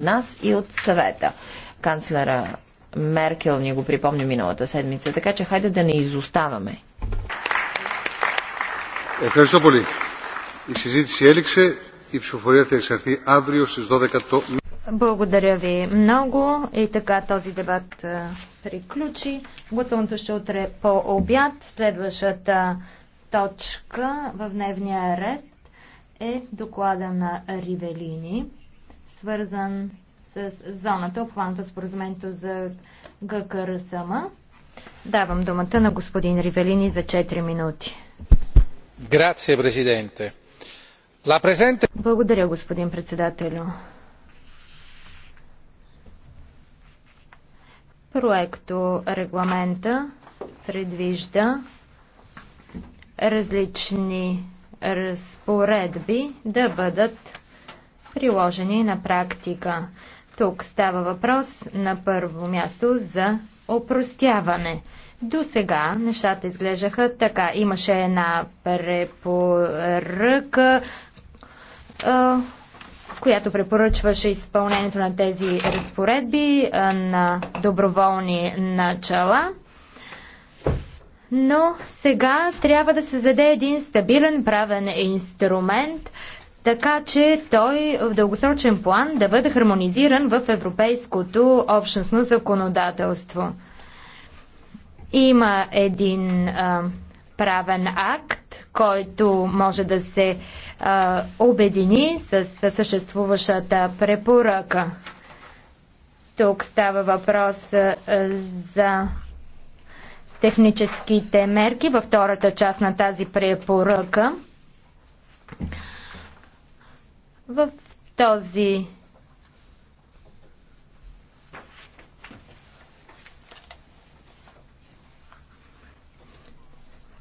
нас и от съвета. Канцлера Меркел ни го припомни миналата седмица, така че хайде да не изоставаме. Ευχαριστώ πολύ. Η συζήτηση έληξε. Η ψηφοφορία θα εξαρθεί αύριο στις 12 το... Благодаря ви много. И така този дебат приключи. Гласуването ще утре по обяд. Следващата точка в дневния ред е доклада на Ривелини свързан с зоната, обхваната от споразумението за ГКРСМ. Давам думата на господин Ривелини за 4 минути. Грация, президенте. Presente... Благодаря, господин председателю. Проекто регламента предвижда различни разпоредби да бъдат приложени на практика. Тук става въпрос на първо място за опростяване. До сега нещата изглеждаха така. Имаше една препоръка, която препоръчваше изпълнението на тези разпоредби на доброволни начала. Но сега трябва да се заде един стабилен правен инструмент – така че той в дългосрочен план да бъде хармонизиран в европейското общностно законодателство. Има един а, правен акт, който може да се а, обедини с, с съществуващата препоръка. Тук става въпрос а, за техническите мерки във втората част на тази препоръка. В този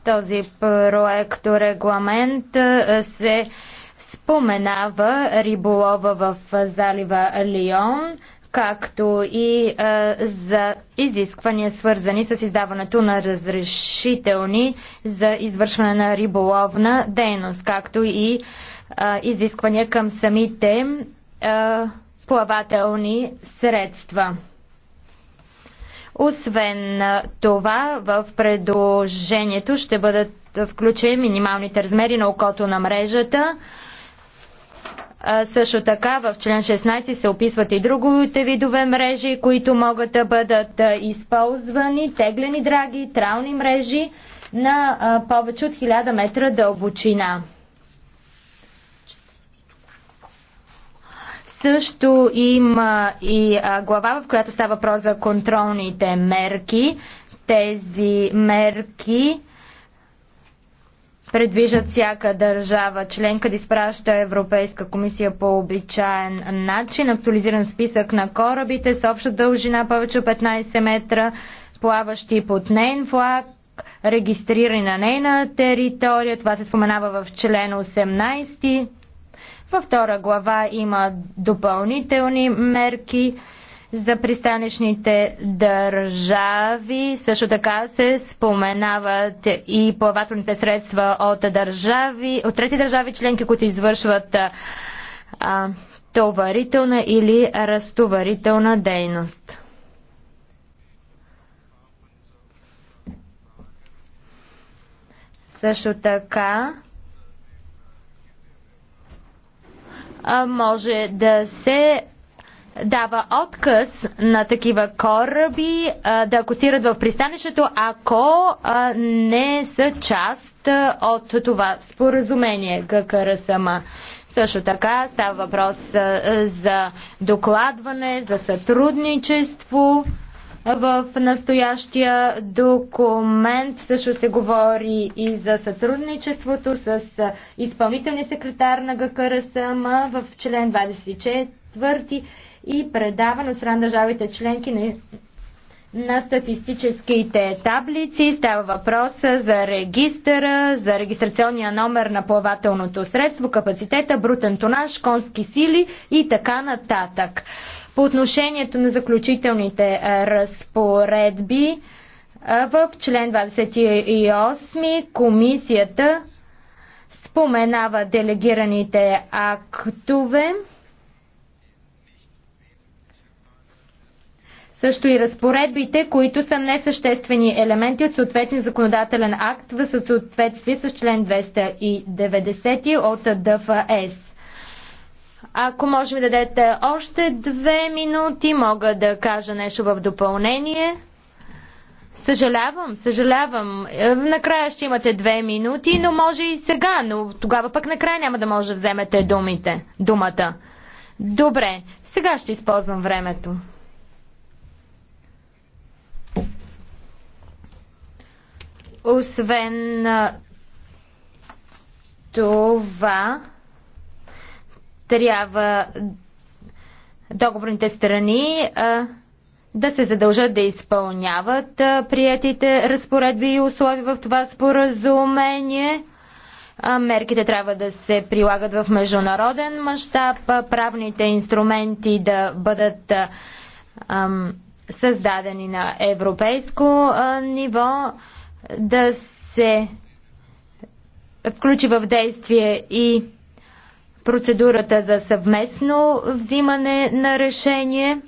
този проект регламент се споменава риболова в залива Лион, както и за изисквания свързани с издаването на разрешителни за извършване на риболовна дейност, както и а, изисквания към самите а, плавателни средства. Освен това, в предложението ще бъдат включени минималните размери на окото на мрежата. А, също така в член 16 се описват и другите видове мрежи, които могат да бъдат използвани, теглени драги, трални мрежи на а, повече от 1000 метра дълбочина. Също има и глава, в която става въпрос за контролните мерки. Тези мерки предвижат всяка държава членка да изпраща Европейска комисия по обичаен начин, актуализиран списък на корабите с обща дължина повече от 15 метра, плаващи под нейн флаг, регистрирани на нейна територия. Това се споменава в член 18 във втора глава има допълнителни мерки за пристанищните държави. Също така се споменават и плавателните средства от държави, от трети държави членки, които извършват а, товарителна или разтоварителна дейност. Също така може да се дава отказ на такива кораби да акостират в пристанището, ако не са част от това споразумение ГКРСМ. Също така става въпрос за докладване, за сътрудничество. В настоящия документ също се говори и за сътрудничеството с изпълнителния секретар на ГКРСМ в член 24 и предаван от страна държавите членки на на статистическите таблици. Става въпрос за регистъра, за регистрационния номер на плавателното средство, капацитета, брутен тонаж, конски сили и така нататък. По отношението на заключителните разпоредби, в член 28 комисията споменава делегираните актове, също и разпоредбите, които са несъществени елементи от съответния законодателен акт в съответствие с член 290 от ДФС. Ако може ми да дадете още две минути, мога да кажа нещо в допълнение. Съжалявам, съжалявам. Е, накрая ще имате две минути, но може и сега, но тогава пък накрая няма да може да вземете думите, думата. Добре, сега ще използвам времето. Освен това, трябва договорните страни а, да се задължат да изпълняват а, приятите разпоредби и условия в това споразумение. А, мерките трябва да се прилагат в международен мащаб, правните инструменти да бъдат ам, създадени на европейско а, ниво, да се включи в действие и процедурата за съвместно взимане на решение.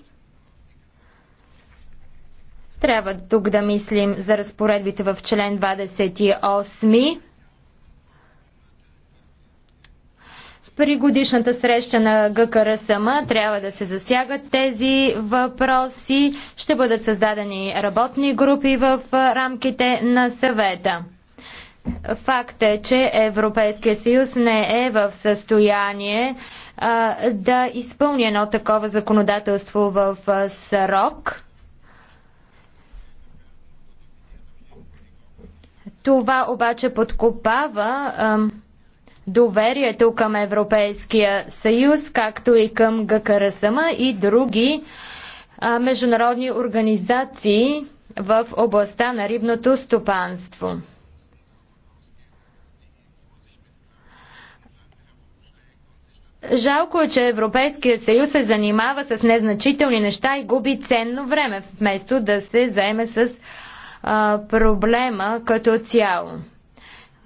Трябва тук да мислим за разпоредбите в член 28. При годишната среща на ГКРСМ трябва да се засягат тези въпроси. Ще бъдат създадени работни групи в рамките на съвета. Факт е, че Европейския съюз не е в състояние а, да изпълни едно такова законодателство в а, срок. Това обаче подкопава доверието към Европейския съюз, както и към ГКРСМ и други а, международни организации в областта на рибното стопанство. Жалко е, че Европейския съюз се занимава с незначителни неща и губи ценно време, вместо да се заеме с а, проблема като цяло.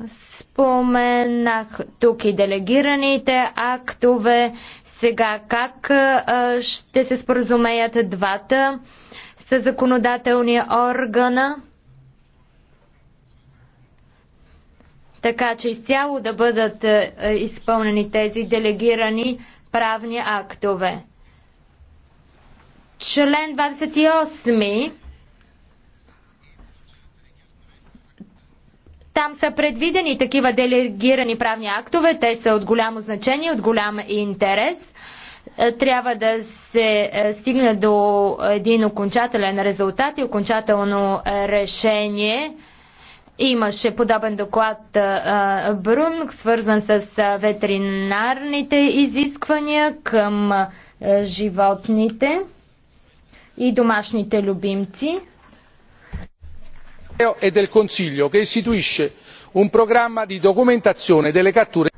Споменах тук и делегираните актове. Сега как а, ще се споразумеят двата с законодателния органа? така че изцяло да бъдат е, е, изпълнени тези делегирани правни актове. Член 28 Там са предвидени такива делегирани правни актове. Те са от голямо значение, от голям интерес. Е, трябва да се стигне до един окончателен резултат и окончателно решение. Имаше подобен доклад Брун, свързан с ветеринарните изисквания към животните и домашните любимци. E del Consiglio che istituisce un programma di documentazione delle catture.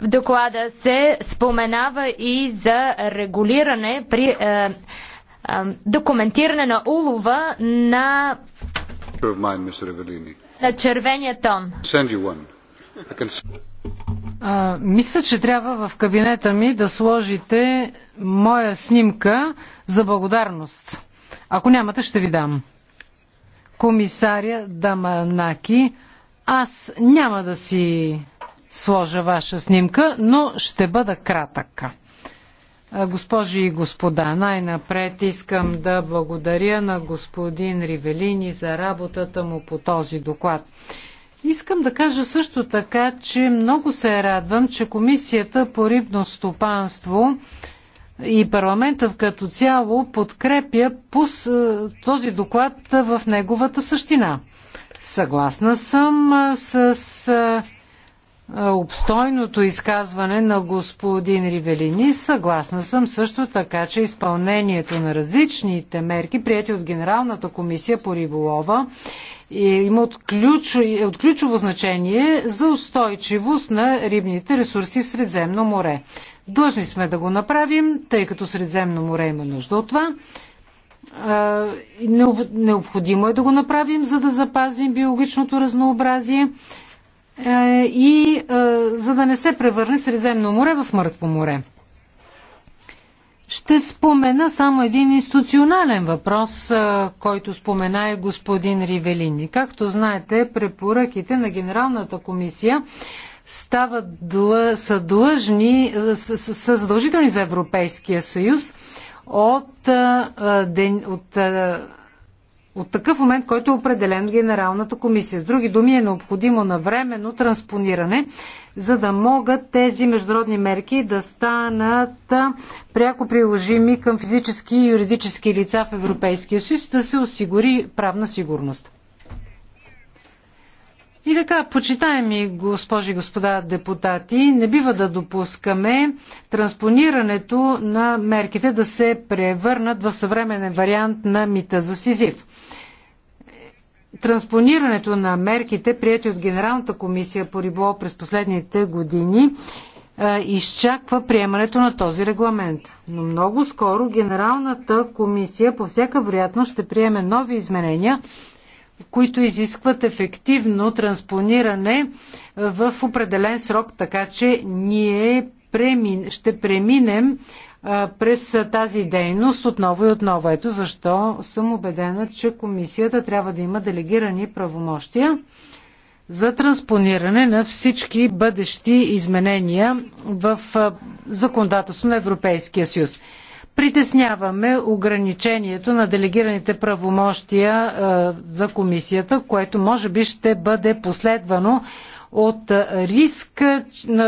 В доклада се споменава и за регулиране при е, е, документиране на улова на на червения тон. мисля, че трябва в кабинета ми да сложите моя снимка за благодарност. Ако нямате, ще ви дам. Комисаря Даманаки, аз няма да си сложа ваша снимка, но ще бъда кратък. Госпожи и господа, най-напред искам да благодаря на господин Ривелини за работата му по този доклад. Искам да кажа също така, че много се радвам, че Комисията по рибно стопанство и парламентът като цяло подкрепя пус, този доклад в неговата същина. Съгласна съм с обстойното изказване на господин Ривелини. Съгласна съм също така, че изпълнението на различните мерки, прияти от Генералната комисия по риболова, е, има от, ключ, е от ключово значение за устойчивост на рибните ресурси в Средземно море. Длъжни сме да го направим, тъй като Средземно море има нужда от това. Необходимо е да го направим, за да запазим биологичното разнообразие е, и е, за да не се превърне Средиземно море в мъртво море. Ще спомена само един институционален въпрос, е, който спомена и господин Ривелини. Както знаете, препоръките на Генералната комисия стават, са, длъжни, са, са задължителни за Европейския съюз от, от от такъв момент, който е определен Генералната комисия. С други думи е необходимо навременно транспониране, за да могат тези международни мерки да станат пряко приложими към физически и юридически лица в Европейския съюз, да се осигури правна сигурност. И така, почитаеми госпожи и господа депутати, не бива да допускаме транспонирането на мерките да се превърнат в съвременен вариант на мита за Сизив. Транспонирането на мерките, прияти от Генералната комисия по риболов през последните години, е, изчаква приемането на този регламент. Но много скоро Генералната комисия по всяка вероятност ще приеме нови изменения, които изискват ефективно транспониране в определен срок, така че ние премин, ще преминем през тази дейност отново и отново. Ето защо съм убедена, че комисията трябва да има делегирани правомощия за транспониране на всички бъдещи изменения в законодателство на Европейския съюз. Притесняваме ограничението на делегираните правомощия е, за комисията, което може би ще бъде последвано от,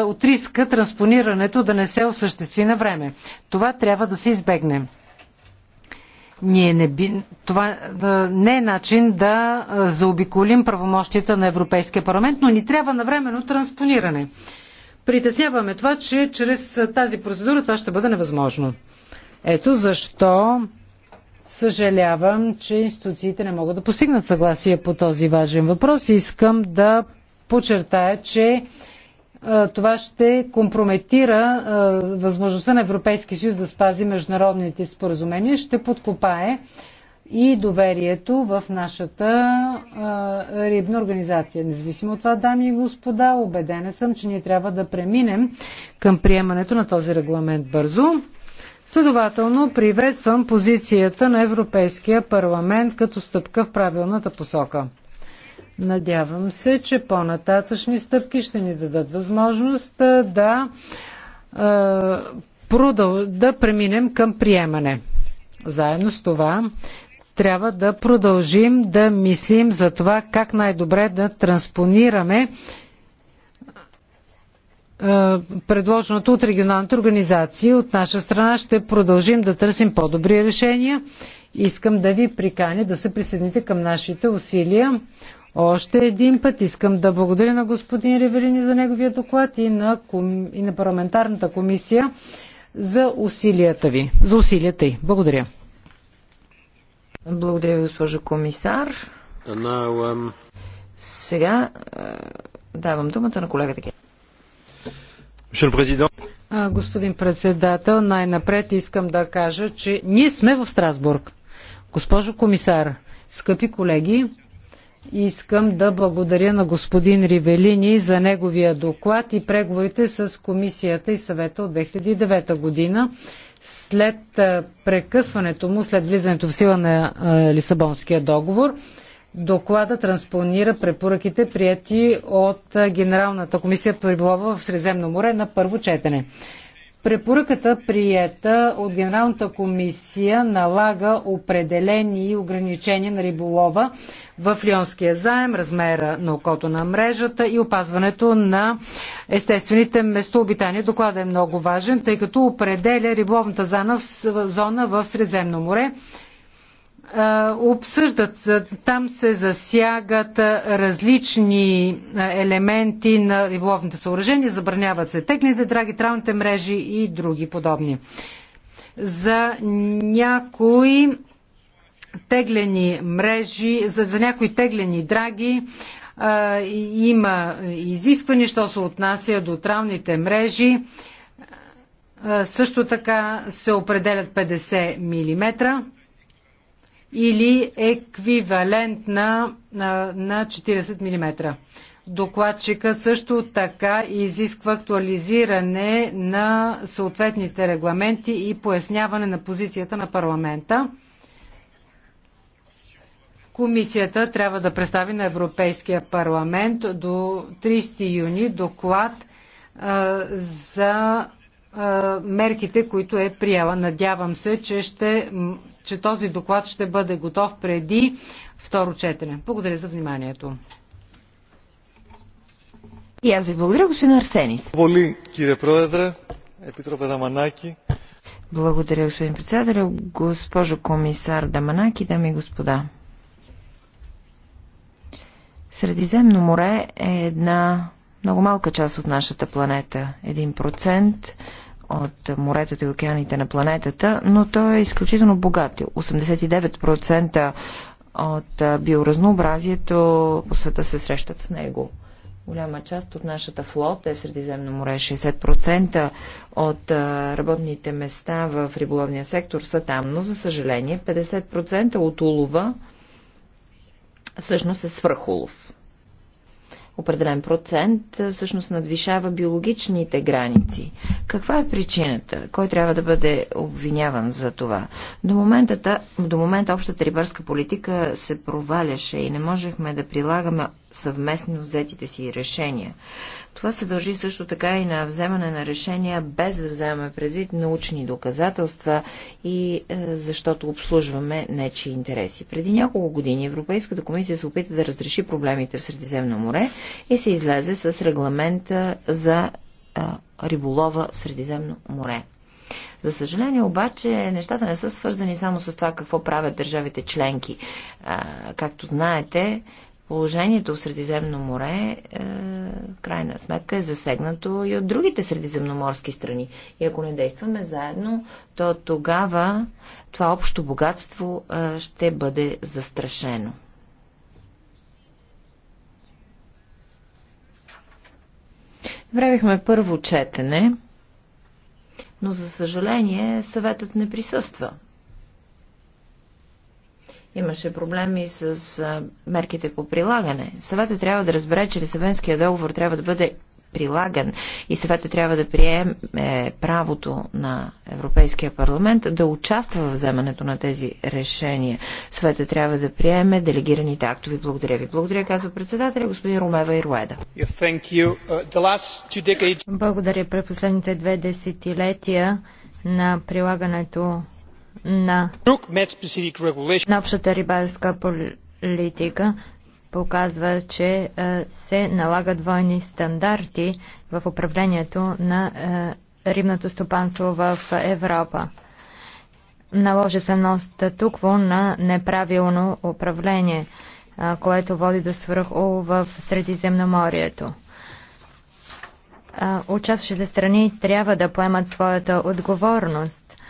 от риска транспонирането да не се осъществи на време. Това трябва да се избегне. Ние не би, това е, не е начин да е, заобиколим правомощията на Европейския парламент, но ни трябва навременно транспониране. Притесняваме това, че чрез тази процедура това ще бъде невъзможно. Ето защо съжалявам, че институциите не могат да постигнат съгласие по този важен въпрос. Искам да подчертая, че това ще компрометира възможността на Европейския съюз да спази международните споразумения, ще подкопае и доверието в нашата а, рибна организация. Независимо от това, дами и господа, убедена съм, че ние трябва да преминем към приемането на този регламент бързо. Следователно приветствам позицията на Европейския парламент като стъпка в правилната посока. Надявам се, че по-нататъчни стъпки ще ни дадат възможност да, да преминем към приемане. Заедно с това трябва да продължим да мислим за това как най-добре да транспонираме е, предложеното от регионалните организации. От наша страна ще продължим да търсим по-добри решения. Искам да ви приканя да се присъедините към нашите усилия. Още един път искам да благодаря на господин Реверини за неговия доклад и на, ком... и на парламентарната комисия за усилията ви. За усилията й. Благодаря. Благодаря, госпожо комисар. Now, um... Сега е, давам думата на колегата Гер. Господин председател, най-напред искам да кажа, че ние сме в Страсбург. Госпожо комисар, скъпи колеги, искам да благодаря на господин Ривелини за неговия доклад и преговорите с комисията и съвета от 2009 година. След прекъсването му, след влизането в сила на Лисабонския договор, Доклада транспонира препоръките, прияти от Генералната комисия по риболова в Средземно море на първо четене. Препоръката, приета от Генералната комисия, налага определени ограничения на риболова в Лионския заем, размера на окото на мрежата и опазването на естествените местообитания. Докладът е много важен, тъй като определя риболовната зона в Средземно море обсъждат. Там се засягат различни елементи на риболовните съоръжения, забраняват се теглените драги, травните мрежи и други подобни. За някои теглени мрежи, за, за някои теглени драги а, има изискване, що се отнася до травните мрежи. А, също така се определят 50 мм или еквивалент на, на, на 40 мм. Докладчика също така изисква актуализиране на съответните регламенти и поясняване на позицията на парламента. Комисията трябва да представи на Европейския парламент до 30 юни доклад а, за а, мерките, които е приела. Надявам се, че ще че този доклад ще бъде готов преди второ четене. Благодаря за вниманието. И аз ви благодаря, господин Арсенис. Боли, кире проведре, епитропе Даманаки. Благодаря, господин председател, госпожо комисар Даманаки, дами и господа. Средиземно море е една много малка част от нашата планета. Един процент от моретата и океаните на планетата, но той е изключително богат. 89% от биоразнообразието по света се срещат в него. Голяма част от нашата флота е в Средиземно море. 60% от работните места в риболовния сектор са там, но за съжаление 50% от улова всъщност е свръхулов определен процент всъщност надвишава биологичните граници. Каква е причината? Кой трябва да бъде обвиняван за това? До момента, до момента общата рибарска политика се проваляше и не можехме да прилагаме съвместно взетите си решения. Това се дължи също така и на вземане на решения, без да вземаме предвид научни доказателства и е, защото обслужваме нечи интереси. Преди няколко години Европейската комисия се опита да разреши проблемите в Средиземно море и се излезе с регламента за е, риболова в Средиземно море. За съжаление обаче нещата не са свързани само с това какво правят държавите членки. както знаете, Положението в Средиземно море е, в крайна сметка е засегнато и от другите средиземноморски страни. И ако не действаме заедно, то тогава това общо богатство е, ще бъде застрашено. Правихме първо четене, но за съжаление съветът не присъства. Имаше проблеми с мерките по прилагане. Съветът трябва да разбере, че Лисабенския договор трябва да бъде прилаган и съвета трябва да приеме е, правото на Европейския парламент да участва в вземането на тези решения. Съвета трябва да приеме делегираните актови. Благодаря ви. Благодаря, казва председателя господин Ромева Ируеда. Uh, Благодаря. През последните две десетилетия на прилагането на, общата рибарска политика показва, че е, се налагат двойни стандарти в управлението на е, рибното стопанство в Европа. Наложи се едно статукво на неправилно управление, е, което води до свърху в Средиземноморието. Участващите страни трябва да поемат своята отговорност –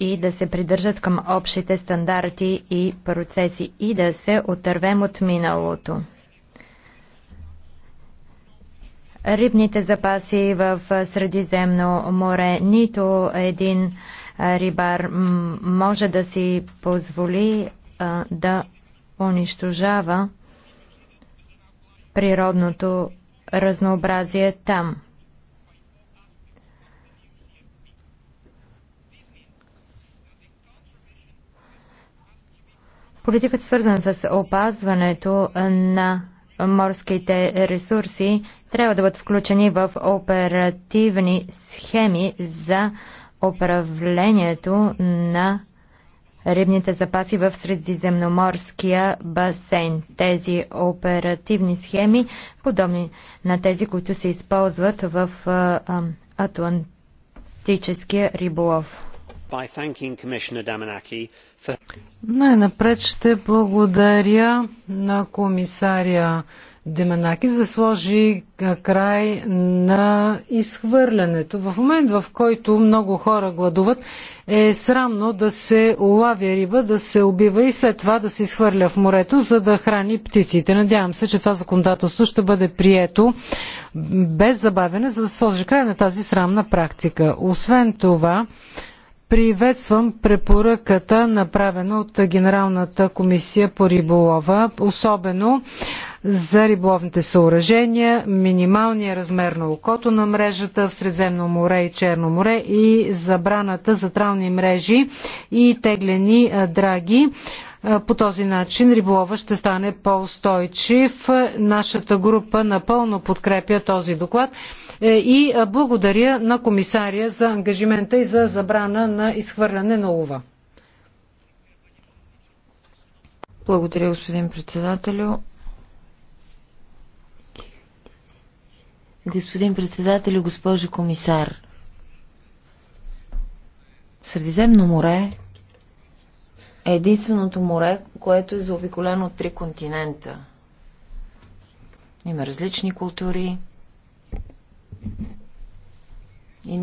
и да се придържат към общите стандарти и процеси и да се отървем от миналото. Рибните запаси в Средиземно море нито един рибар може да си позволи да унищожава природното разнообразие там. Политиката свързана с опазването на морските ресурси трябва да бъдат включени в оперативни схеми за управлението на рибните запаси в Средиземноморския басейн. Тези оперативни схеми, подобни на тези, които се използват в Атлантическия риболов. For... Най-напред ще благодаря на комисаря Деманаки за сложи край на изхвърлянето. В момент, в който много хора гладуват, е срамно да се улавя риба, да се убива и след това да се изхвърля в морето, за да храни птиците. Надявам се, че това законодателство ще бъде прието без забавяне, за да сложи край на тази срамна практика. Освен това, Приветствам препоръката, направена от Генералната комисия по риболова, особено за риболовните съоръжения, минималния размер на окото на мрежата в Средземно море и Черно море и забраната за трални мрежи и теглени драги е, по този начин риболова ще стане по-устойчив. Нашата група напълно подкрепя този доклад е, и е, благодаря на комисария за ангажимента и за забрана на изхвърляне на улова. Благодаря, господин председателю. Господин председателю, госпожо комисар, Средиземно море е единственото море, което е заобиколено от три континента. Има различни култури и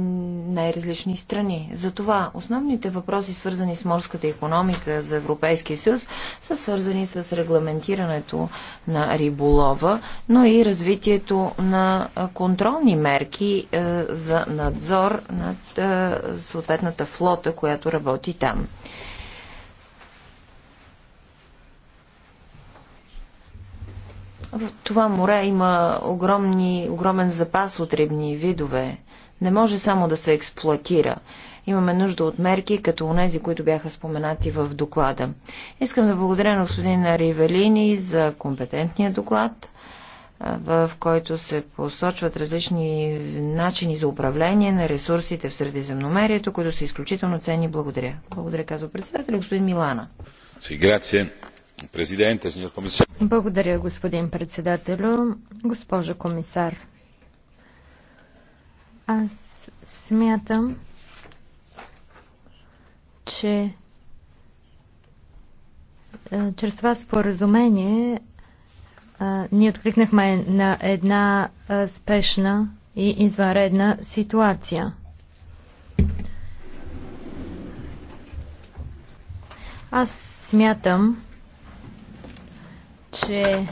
най-различни страни. Затова основните въпроси, свързани с морската економика за Европейския съюз, са свързани с регламентирането на риболова, но и развитието на контролни мерки е, за надзор над е, съответната флота, която работи там. В това море има огромни, огромен запас от рибни видове. Не може само да се експлуатира. Имаме нужда от мерки, като онези, които бяха споменати в доклада. Искам да благодаря на господин Ривелини за компетентния доклад, в който се посочват различни начини за управление на ресурсите в Средиземномерието, които са изключително ценни. Благодаря. Благодаря, казва председател господин Милана. Си, грация президенте, сеньор комисар. Благодаря, господин председателю. Госпожо комисар, аз смятам, че е, чрез това споразумение е, ние откликнахме на една е, спешна и извънредна ситуация. Аз смятам, че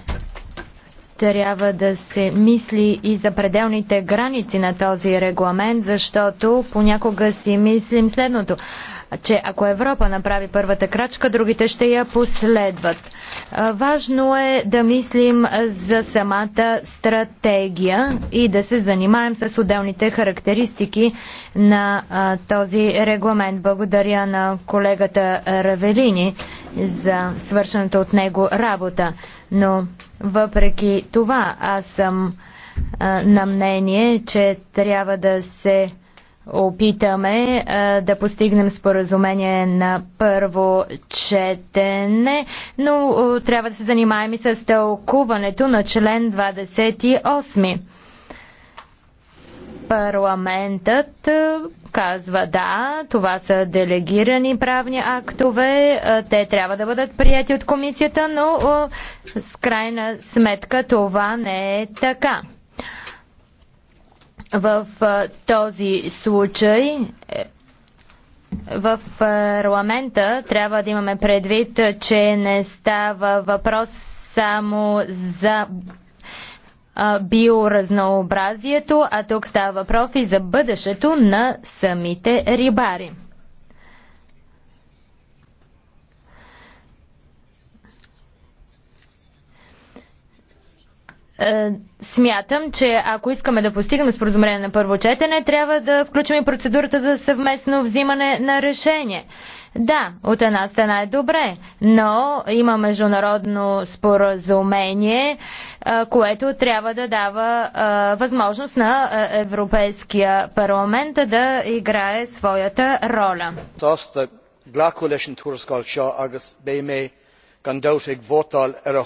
трябва да се мисли и за пределните граници на този регламент, защото понякога си мислим следното че ако Европа направи първата крачка, другите ще я последват. Важно е да мислим за самата стратегия и да се занимаем с отделните характеристики на този регламент. Благодаря на колегата Равелини за свършената от него работа. Но въпреки това аз съм на мнение, че трябва да се опитаме а, да постигнем споразумение на първо четене, но а, трябва да се занимаем и с тълкуването на член 28. Парламентът а, казва да, това са делегирани правни актове, те трябва да бъдат прияти от комисията, но с крайна сметка това не е така. В този случай в парламента трябва да имаме предвид, че не става въпрос само за биоразнообразието, а тук става въпрос и за бъдещето на самите рибари. Е, смятам, че ако искаме да постигнем споразумение на първо четене, трябва да включим и процедурата за съвместно взимане на решение. Да, от една страна е добре, но има международно споразумение, е, което трябва да дава е, възможност на Европейския парламент да играе своята роля.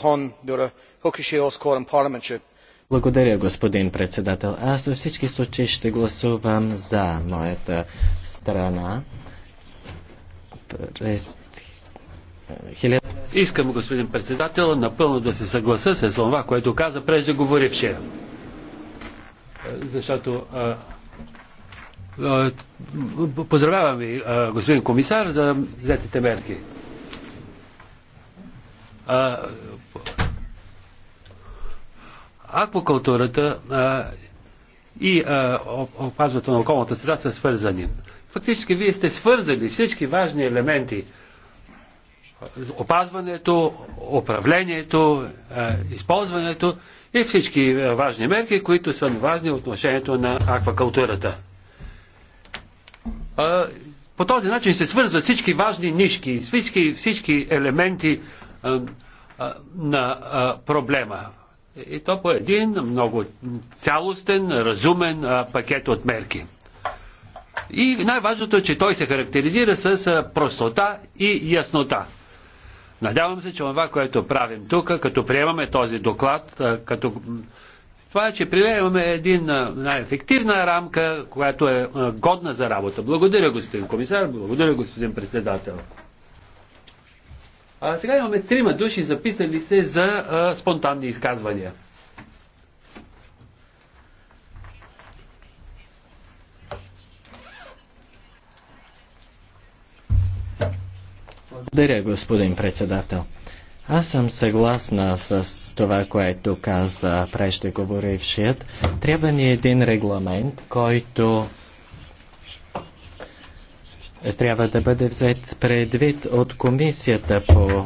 hon благодаря, господин председател. Аз във всички случаи ще гласувам за моята страна. През... Искам, господин председател, напълно да се съгласа с това, което каза преждеговорившия. Защото а, поздравявам ви, господин комисар, за взетите мерки аквакултурата а, и а, опазването на околната среда са свързани. Фактически вие сте свързали всички важни елементи. Опазването, управлението, а, използването и всички важни мерки, които са важни в отношението на аквакултурата. А, по този начин се свързват всички важни нишки, всички, всички елементи а, а, на а, проблема. И то по един много цялостен, разумен а, пакет от мерки. И най-важното е, че той се характеризира с простота и яснота. Надявам се, че това, което правим тук, като приемаме този доклад, а, като това е, че приемаме един най ефективна рамка, която е годна за работа. Благодаря, господин комисар, благодаря, господин председател. А, сега имаме трима души записали се за а, спонтанни изказвания. Благодаря, господин председател. Аз съм съгласна с това, което каза преждеговорившият. Трябва ни един регламент, който трябва да бъде взет предвид от комисията по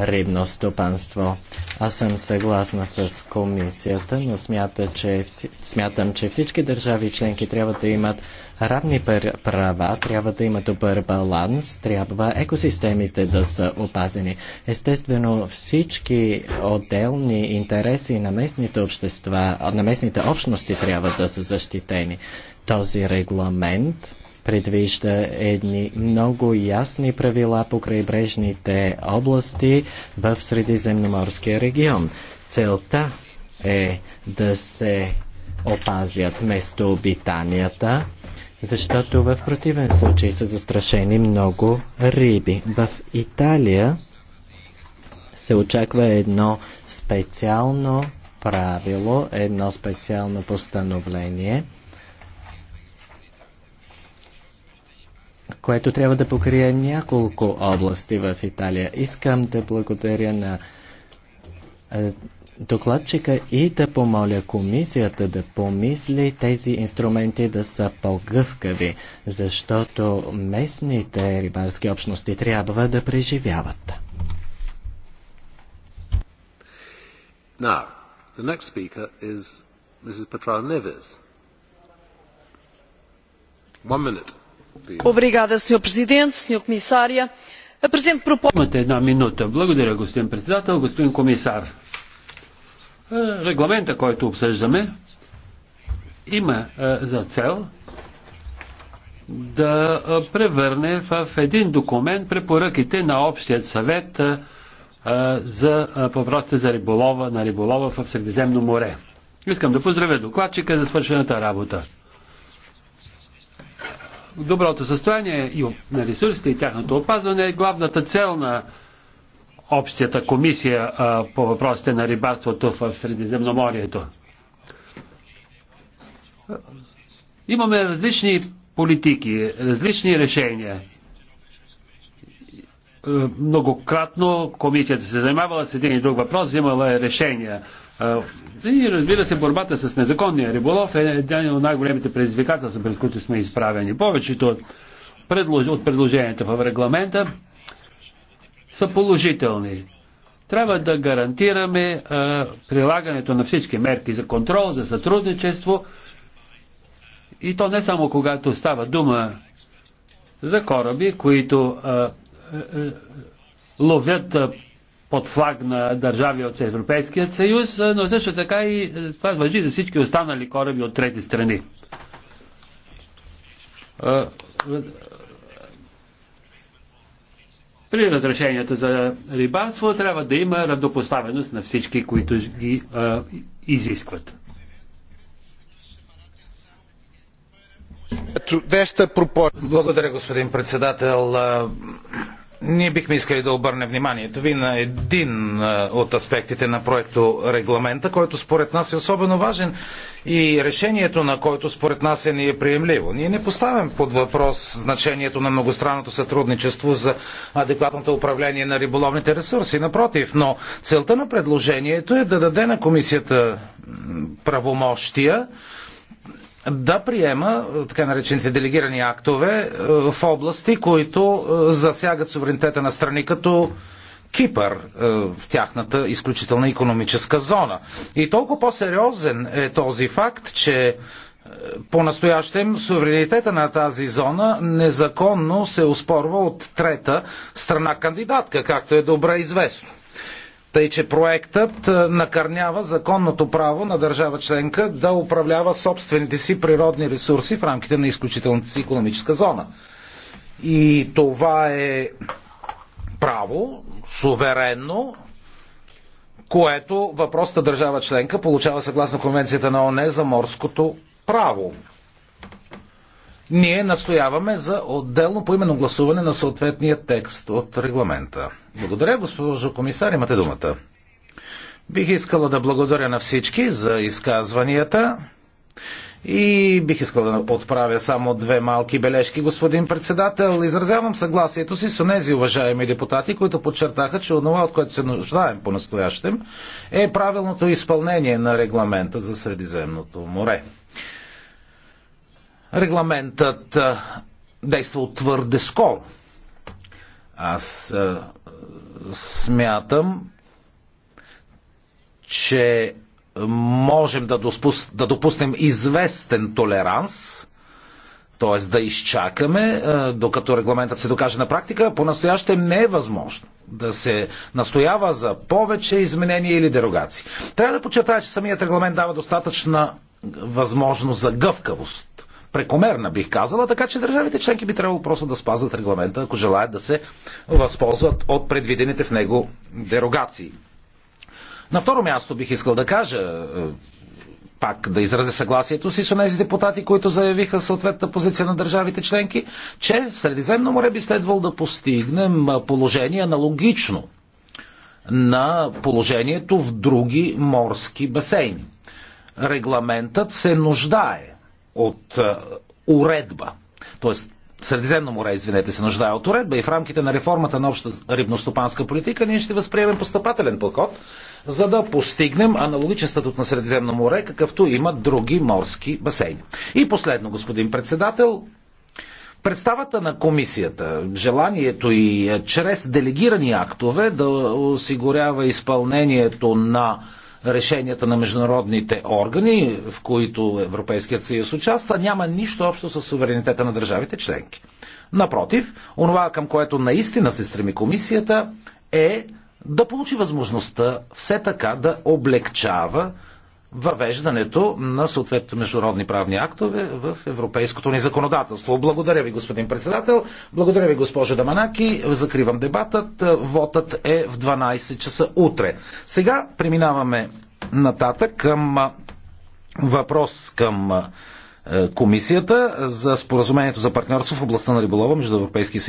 рибно стопанство. Аз съм съгласна с комисията, но смята, че, смятам, че всички държави и членки трябва да имат равни права, трябва да имат добър баланс, трябва екосистемите да са опазени. Естествено, всички отделни интереси на местните общества, на местните общности трябва да са защитени. Този регламент предвижда едни много ясни правила по крайбрежните области в Средиземноморския регион. Целта е да се опазят местообитанията, защото в противен случай са застрашени много риби. В Италия се очаква едно специално правило, едно специално постановление – което трябва да покрие няколко области в Италия. Искам да благодаря на е, докладчика и да помоля комисията да помисли тези инструменти да са по-гъвкави, защото местните рибарски общности трябва да преживяват. Now, the next speaker is Mrs. Petra Neves. One minute. Obrigada, senhor Apresento Благодаря, господин председател, господин комисар. Е, регламента, който обсъждаме, има е, за цел да е, превърне в един документ препоръките на Общият съвет за въпросите за риболова, на риболова в Средиземно море. Искам да поздравя докладчика за свършената работа доброто състояние и на ресурсите и тяхното опазване е главната цел на общата комисия а, по въпросите на рибарството в Средиземноморието. Имаме различни политики, различни решения. Е, многократно комисията се занимавала с един и друг въпрос, взимала е решения. И разбира се, борбата с незаконния риболов е един от най-големите предизвикателства, пред които сме изправени. Повечето от, предлож... от предложенията в регламента са положителни. Трябва да гарантираме а, прилагането на всички мерки за контрол, за сътрудничество и то не само когато става дума за кораби, които а, а, ловят под флаг на държави от Европейския съюз, е, но също така и е, това въжи за всички останали кораби от трети страни. Е, при разрешенията за рибарство трябва да има равнопоставеност на всички, които ги а, изискват. Благодаря, господин председател. Ние бихме искали да обърнем вниманието ви на един от аспектите на проекто регламента, който според нас е особено важен и решението на който според нас е ни е Ние не поставям под въпрос значението на многостранното сътрудничество за адекватното управление на риболовните ресурси. Напротив, но целта на предложението е да даде на комисията правомощия да приема е, така наречените делегирани актове е, в области, които е, засягат суверенитета на страни като Кипър в тяхната изключителна економическа зона. И толкова по-сериозен е този факт, че по-настоящем суверенитета на тази зона незаконно се оспорва от трета страна кандидатка, както е добре известно. Тъй, че проектът е, накърнява законното право на държава членка да управлява собствените си природни ресурси в рамките на изключителната си економическа зона. И това е право, суверенно, което въпросата държава членка получава съгласно Конвенцията на ОНЕ за морското право. Ние настояваме за отделно поименно гласуване на съответния текст от регламента. Благодаря, госпожо комисар. Имате думата. Бих искала да благодаря на всички за изказванията и бих искал да отправя само две малки бележки, господин председател. Изразявам съгласието си с тези, уважаеми депутати, които подчертаха, че онова, от което се нуждаем по-настоящем, е правилното изпълнение на регламента за Средиземното море. Регламентът действа твърде скоро аз а, е, смятам, че можем да, допус, да допуснем известен толеранс, т.е. да изчакаме, е, докато регламентът се докаже на практика, по-настояще не е възможно да се настоява за повече изменения или дерогации. Трябва да подчертая, че самият регламент дава достатъчна възможност за гъвкавост прекомерна, бих казала, така че държавите членки би трябвало просто да спазват регламента, ако желаят да се възползват от предвидените в него дерогации. На второ място бих искал да кажа, е, пак да изразя съгласието си с тези депутати, които заявиха съответната позиция на държавите членки, че в Средиземно море би следвало да постигнем положение аналогично на положението в други морски басейни. Регламентът се нуждае от е, уредба. Тоест, Средиземно море, извинете, се нуждае от уредба и в рамките на реформата на обща рибностопанска политика ние ще възприемем постъпателен подход, за да постигнем аналогичен статут на Средиземно море, какъвто имат други морски басейни. И последно, господин председател, Представата на комисията, желанието и е, чрез делегирани актове да осигурява изпълнението на решенията на международните органи, в които Европейският съюз участва, няма нищо общо с суверенитета на държавите членки. Напротив, онова към което наистина се стреми комисията е да получи възможността все така да облегчава въвеждането на съответните международни правни актове в европейското ни законодателство. Благодаря ви, господин председател. Благодаря ви, госпожа Даманаки. Закривам дебатът. Вотът е в 12 часа утре. Сега преминаваме нататък към въпрос към комисията за споразумението за партньорство в областта на риболова между Европейския